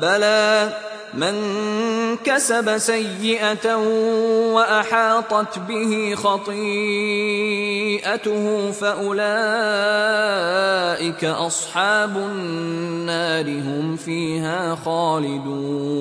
بلى من كسب سيئه واحاطت به خطيئته فاولئك اصحاب النار هم فيها خالدون